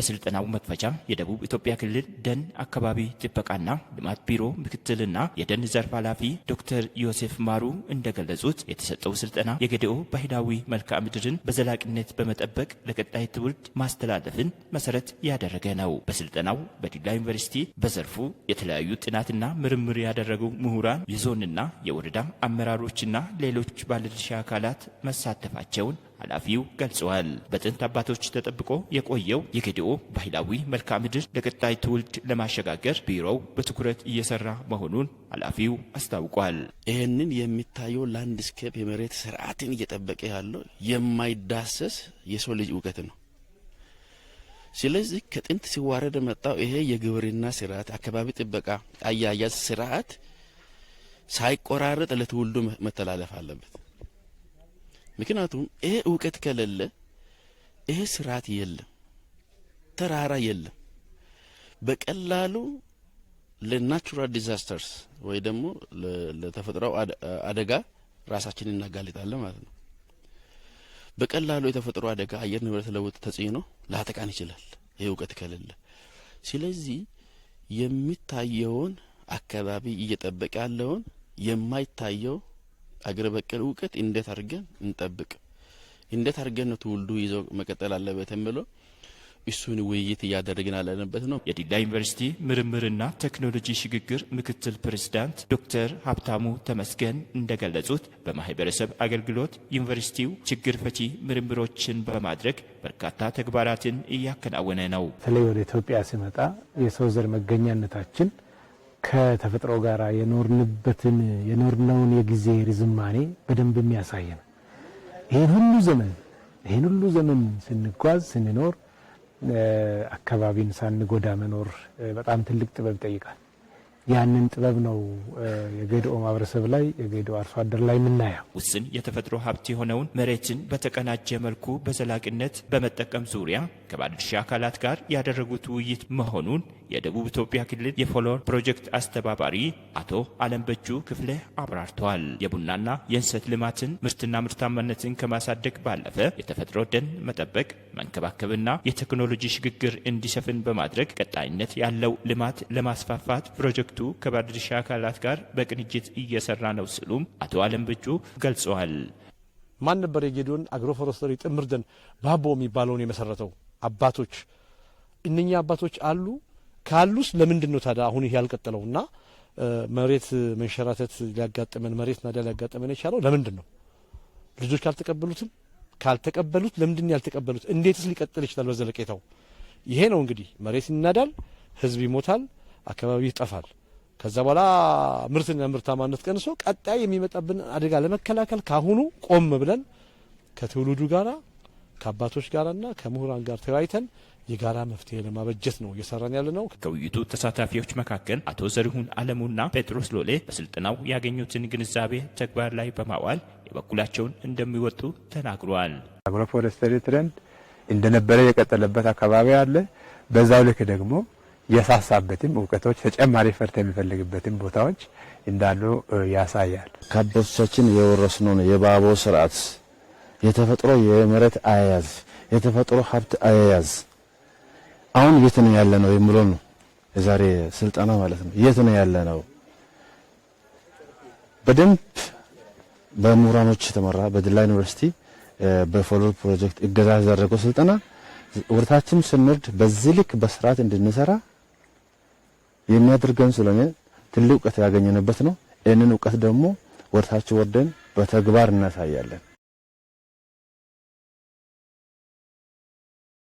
በስልጠናው መክፈቻ የደቡብ ኢትዮጵያ ክልል ደን አካባቢ ጥበቃና ልማት ቢሮ ምክትልና የደን ዘርፍ ኃላፊ ዶክተር ዮሴፍ ማሩ እንደገለጹት የተሰጠው ስልጠና የገዲኦ ባህላዊ መልክዓ ምድርን በዘላቂነት በመጠበቅ ለቀጣይ ትውልድ ማስተላለፍን መሰረት ያደረገ ነው። በስልጠናው በዲላ ዩኒቨርሲቲ በዘርፉ የተለያዩ ጥናትና ምርምር ያደረጉ ምሁራን፣ የዞንና የወረዳ አመራሮችና ሌሎች ባለድርሻ አካላት መሳተፋቸውን ኃላፊው ገልጸዋል። በጥንት አባቶች ተጠብቆ የቆየው የጌዲኦ ባህላዊ መልክዓ ምድር ለቀጣይ ትውልድ ለማሸጋገር ቢሮው በትኩረት እየሰራ መሆኑን ኃላፊው አስታውቋል። ይህንን የሚታየው ላንድስኬፕ የመሬት ስርዓትን እየጠበቀ ያለው የማይዳሰስ የሰው ልጅ እውቀት ነው። ስለዚህ ከጥንት ሲዋረድ መጣው ይሄ የግብርና ስርዓት፣ አካባቢ ጥበቃ አያያዝ ስርዓት ሳይቆራረጥ ለትውልዱ መተላለፍ አለበት። ምክንያቱም ይሄ እውቀት ከሌለ ይሄ ስርዓት የለም፣ ተራራ የለም። በቀላሉ ለናቹራል ዲዛስተርስ ወይ ደግሞ ለተፈጥሮው አደጋ ራሳችን እናጋልጣለን ማለት ነው። በቀላሉ የተፈጥሮ አደጋ አየር ንብረት ለውጥ ተጽዕኖ ላጠቃን ይችላል፣ ይሄ እውቀት ከሌለ። ስለዚህ የሚታየውን አካባቢ እየጠበቀ ያለውን የማይታየው አገር በቀል እውቀት እንዴት አድርገን እንጠብቅ፣ እንዴት አድርገን ነው ትውልዱ ይዞ መቀጠል አለበት የሚለው እሱን ውይይት እያደረግን ያለንበት ነው። የዲላ ዩኒቨርሲቲ ምርምርና ቴክኖሎጂ ሽግግር ምክትል ፕሬዝዳንት ዶክተር ሀብታሙ ተመስገን እንደገለጹት በማህበረሰብ አገልግሎት ዩኒቨርሲቲው ችግር ፈቺ ምርምሮችን በማድረግ በርካታ ተግባራትን እያከናወነ ነው። በተለይ ወደ ኢትዮጵያ ሲመጣ የሰው ዘር መገኛነታችን ከተፈጥሮ ጋር የኖርንበትን የኖርነውን የጊዜ ርዝማኔ በደንብ የሚያሳይ ነው። ይህን ሁሉ ዘመን ይህን ሁሉ ዘመን ስንጓዝ ስንኖር አካባቢን ሳንጎዳ መኖር በጣም ትልቅ ጥበብ ይጠይቃል። ያንን ጥበብ ነው የገድኦ ማህበረሰብ ላይ የገድኦ አርሶ አደር ላይ የምናየው። ውስን የተፈጥሮ ሀብት የሆነውን መሬትን በተቀናጀ መልኩ በዘላቂነት በመጠቀም ዙሪያ ከባለድርሻ አካላት ጋር ያደረጉት ውይይት መሆኑን የደቡብ ኢትዮጵያ ክልል የፎሎር ፕሮጀክት አስተባባሪ አቶ በጁ ክፍለ አብራርተዋል። የቡናና የእንሰት ልማትን ምርትና ምርታማነትን ከማሳደግ ባለፈ የተፈጥሮ ደን መጠበቅ፣ መንከባከብና የቴክኖሎጂ ሽግግር እንዲሰፍን በማድረግ ቀጣይነት ያለው ልማት ለማስፋፋት ፕሮጀክቱ ከባለድርሻ አካላት ጋር በቅንጅት እየሰራ ነው ሲሉም አቶ አለምበቹ ገልጸዋል። ማን ነበር የጌዲዮን አግሮፎረስተሪ ጥምር ደን ባቦ የሚባለውን የመሰረተው? አባቶች እነኛ አባቶች አሉ ካሉስ ለምንድን ነው ታዲያ አሁን ይሄ ያልቀጠለው ና መሬት መንሸራተት ሊያጋጥመን መሬት ናዳ ሊያጋጥመን የቻለው ለምንድን ነው? ልጆች ካልተቀበሉትም ካልተቀበሉት ለምንድን ያልተቀበሉት? እንዴትስ ሊቀጥል ይችላል በዘለቄታው? ይሄ ነው እንግዲህ መሬት ይናዳል፣ ህዝብ ይሞታል፣ አካባቢ ይጠፋል። ከዛ በኋላ ምርትና ምርታማነት ቀንሶ ቀጣይ የሚመጣብን አደጋ ለመከላከል ካሁኑ ቆም ብለን ከትውልዱ ጋራ ከአባቶች ጋርና ከምሁራን ጋር ተወያይተን የጋራ መፍትሄ ለማበጀት ነው እየሰራን ያለ ነው። ከውይይቱ ተሳታፊዎች መካከል አቶ ዘሪሁን አለሙና ጴጥሮስ ሎሌ በስልጠናው ያገኙትን ግንዛቤ ተግባር ላይ በማዋል የበኩላቸውን እንደሚወጡ ተናግረዋል። አግሮፎረስተሪ ትሬንድ እንደነበረ የቀጠለበት አካባቢ አለ። በዛው ልክ ደግሞ የሳሳበትም እውቀቶች ተጨማሪ ፈርት የሚፈልግበትም ቦታዎች እንዳሉ ያሳያል። ከአባቶቻችን የወረስነውን የባቦ ስርዓት የተፈጥሮ የመሬት አያያዝ፣ የተፈጥሮ ሀብት አያያዝ አሁን የት ነው ያለ ነው የሚለው ነው የዛሬ ስልጠና ማለት ነው። የት ነው ያለ ነው በደንብ በምሁራኖች የተመራ በዲላ ዩኒቨርሲቲ በፎሎር ፕሮጀክት እገዛ ያደረገው ስልጠና ወደታችም ስንወርድ በዚህ ልክ በስርዓት እንድንሰራ የሚያደርገን ስለሆነ ትልቅ እውቀት ያገኘንበት ነው። ይህንን እውቀት ደግሞ ወደታች ወርደን በተግባር እናሳያለን።